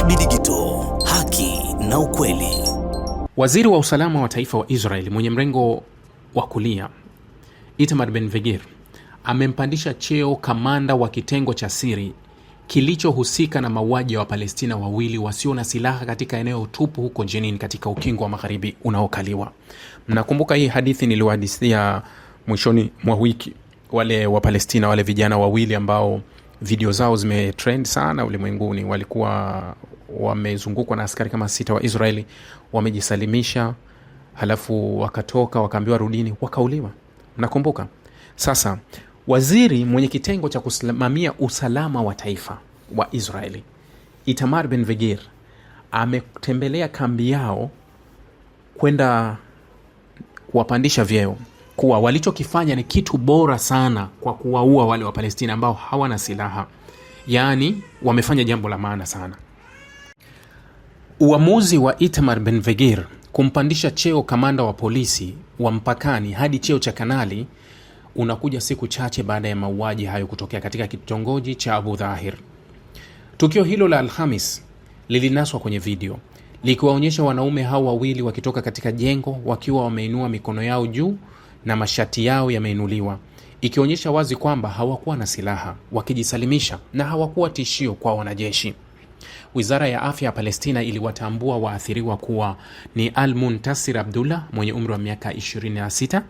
DSB Digital, haki na ukweli. Waziri wa usalama wa taifa wa Israel mwenye mrengo wa kulia Itamar ben Vegir amempandisha cheo kamanda wa kitengo cha siri kilichohusika na mauaji ya Wapalestina wawili wasio na silaha katika eneo tupu huko Jenin katika ukingo wa magharibi unaokaliwa. Mnakumbuka hii hadithi niliwahadithia mwishoni mwa wiki, wale Wapalestina, wale vijana wawili ambao video zao zimetrend sana ulimwenguni, walikuwa wamezungukwa na askari kama sita wa Israeli wamejisalimisha, halafu wakatoka wakaambiwa rudini, wakauliwa. Nakumbuka sasa, waziri mwenye kitengo cha kusimamia usalama wa taifa wa Israeli Itamar Ben vegir ametembelea kambi yao kwenda kuwapandisha vyeo kuwa walichokifanya ni kitu bora sana kwa kuwaua wale Wapalestina ambao hawana silaha. Yaani wamefanya jambo la maana sana. Uamuzi wa Itamar benvegir kumpandisha cheo kamanda wa polisi wa mpakani hadi cheo cha kanali unakuja siku chache baada ya mauaji hayo kutokea katika kitongoji cha Abu Dhahir. Tukio hilo la Alhamis lilinaswa kwenye video likiwaonyesha wanaume hao wawili wakitoka katika jengo wakiwa wameinua mikono yao juu na mashati yao yameinuliwa, ikionyesha wazi kwamba hawakuwa na silaha, wakijisalimisha na hawakuwa tishio kwa wanajeshi. Wizara ya afya ya Palestina iliwatambua waathiriwa kuwa ni Al Muntasir Abdullah mwenye umri wa miaka 26,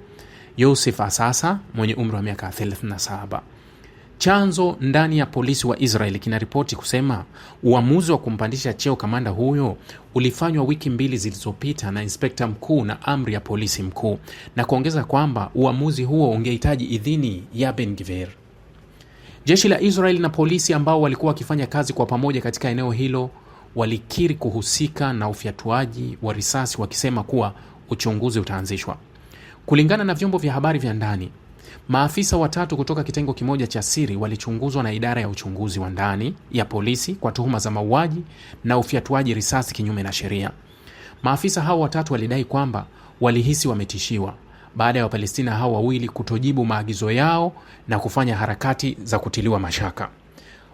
Yosef Asasa mwenye umri wa miaka 37. Chanzo ndani ya polisi wa Israel kinaripoti kusema uamuzi wa kumpandisha cheo kamanda huyo ulifanywa wiki mbili zilizopita na inspekta mkuu na amri ya polisi mkuu, na kuongeza kwamba uamuzi huo ungehitaji idhini ya Ben Gvir. Jeshi la Israel na polisi ambao walikuwa wakifanya kazi kwa pamoja katika eneo hilo walikiri kuhusika na ufyatuaji wa risasi wakisema kuwa uchunguzi utaanzishwa. Kulingana na vyombo vya habari vya ndani, maafisa watatu kutoka kitengo kimoja cha siri walichunguzwa na idara ya uchunguzi wa ndani ya polisi kwa tuhuma za mauaji na ufyatuaji risasi kinyume na sheria. Maafisa hao watatu walidai kwamba walihisi wametishiwa baada ya Wapalestina hao wawili kutojibu maagizo yao na kufanya harakati za kutiliwa mashaka.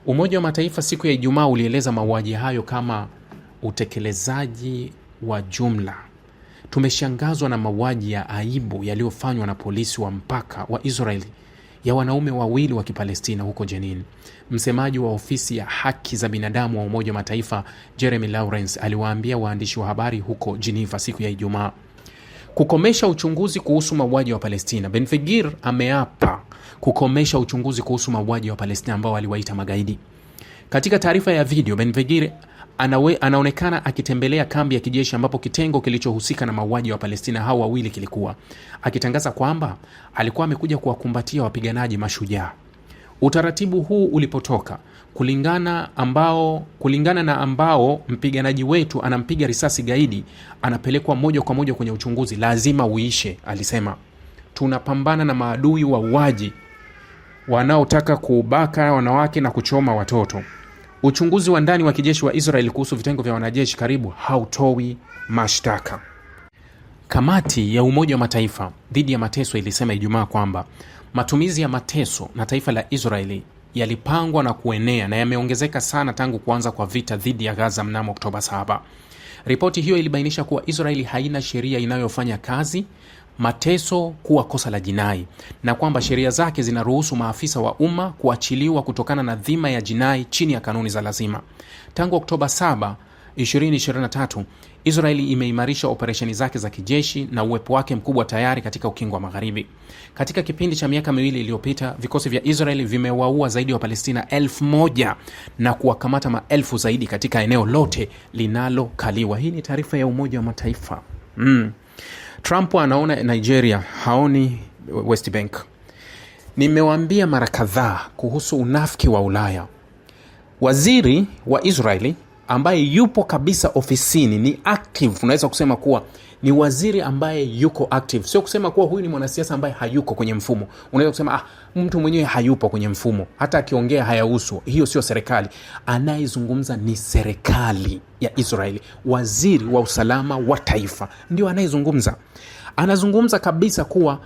Umoja wa Mataifa siku ya Ijumaa ulieleza mauaji hayo kama utekelezaji wa jumla. Tumeshangazwa na mauaji ya aibu yaliyofanywa na polisi wa mpaka wa Israeli ya wanaume wawili wa Kipalestina huko Jenin. Msemaji wa ofisi ya haki za binadamu wa Umoja wa Mataifa Jeremy Lawrence aliwaambia waandishi wa habari huko Geneva siku ya Ijumaa kukomesha uchunguzi kuhusu mauaji wa Palestina. Ben ameapa kukomesha uchunguzi kuhusu mauaji wa Palestina ambao aliwaita magaidi. Katika taarifa ya video, Ben anawe, anaonekana akitembelea kambi ya kijeshi ambapo kitengo kilichohusika na mauaji wa Palestina hao wawili kilikuwa, akitangaza kwamba alikuwa amekuja kuwakumbatia wapiganaji mashujaa. Utaratibu huu ulipotoka, kulingana, ambao, kulingana na ambao mpiganaji wetu anampiga risasi gaidi anapelekwa moja kwa moja kwenye uchunguzi, lazima uishe, alisema. Tunapambana na maadui wa uwaji wanaotaka kubaka wanawake na kuchoma watoto. Uchunguzi wa ndani wa kijeshi wa Israel kuhusu vitengo vya wanajeshi karibu hautowi mashtaka. Kamati ya Umoja wa Mataifa dhidi ya mateso ilisema Ijumaa kwamba matumizi ya mateso na taifa la Israeli yalipangwa na kuenea na yameongezeka sana tangu kuanza kwa vita dhidi ya Gaza mnamo Oktoba 7. Ripoti hiyo ilibainisha kuwa Israeli haina sheria inayofanya kazi mateso kuwa kosa la jinai na kwamba sheria zake zinaruhusu maafisa wa umma kuachiliwa kutokana na dhima ya jinai chini ya kanuni za lazima. Tangu Oktoba 2023, Israeli imeimarisha operesheni zake za kijeshi na uwepo wake mkubwa tayari katika ukingo wa Magharibi. Katika kipindi cha miaka miwili iliyopita, vikosi vya Israeli vimewaua zaidi ya wa Wapalestina elfu moja na kuwakamata maelfu zaidi katika eneo lote linalokaliwa. Hii ni taarifa ya Umoja wa Mataifa. Mm. Trump anaona Nigeria, haoni West Bank. Nimewaambia mara kadhaa kuhusu unafiki wa Ulaya. Waziri wa Israeli ambaye yupo kabisa ofisini ni active, unaweza kusema kuwa ni waziri ambaye yuko active, sio kusema kuwa huyu ni mwanasiasa ambaye hayuko kwenye mfumo. Unaweza kusema ah, mtu mwenyewe hayupo kwenye mfumo, hata akiongea hayahusu. Hiyo sio serikali, anayezungumza ni serikali ya Israeli. Waziri wa usalama wa taifa ndio anayezungumza, anazungumza kabisa kuwa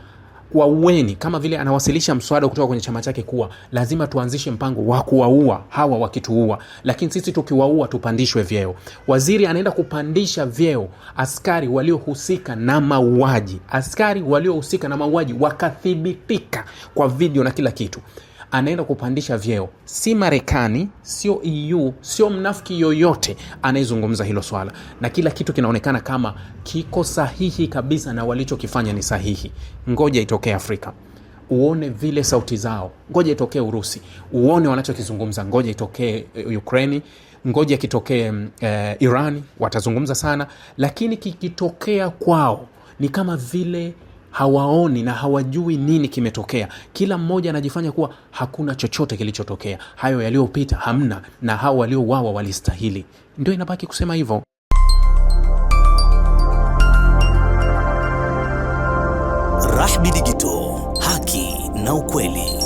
kuwaueni, kama vile anawasilisha mswada kutoka kwenye chama chake kuwa lazima tuanzishe mpango wa kuwaua hawa wakituua, lakini sisi tukiwaua tupandishwe vyeo. Waziri anaenda kupandisha vyeo askari waliohusika na mauaji, askari waliohusika na mauaji wakathibitika kwa video na kila kitu anaenda kupandisha vyeo, si Marekani, sio EU, sio mnafiki yoyote anayezungumza hilo swala, na kila kitu kinaonekana kama kiko sahihi kabisa na walichokifanya ni sahihi. Ngoja itokee Afrika uone vile sauti zao, ngoja itokee Urusi uone wanachokizungumza, ngoja itokee eh, Ukraini, ngoja kitokee mm, e, eh, Irani watazungumza sana, lakini kikitokea kwao ni kama vile hawaoni na hawajui nini kimetokea. Kila mmoja anajifanya kuwa hakuna chochote kilichotokea, hayo yaliyopita hamna, na hao waliowawa walistahili. Ndio inabaki kusema hivyo. Rahby digito haki na ukweli.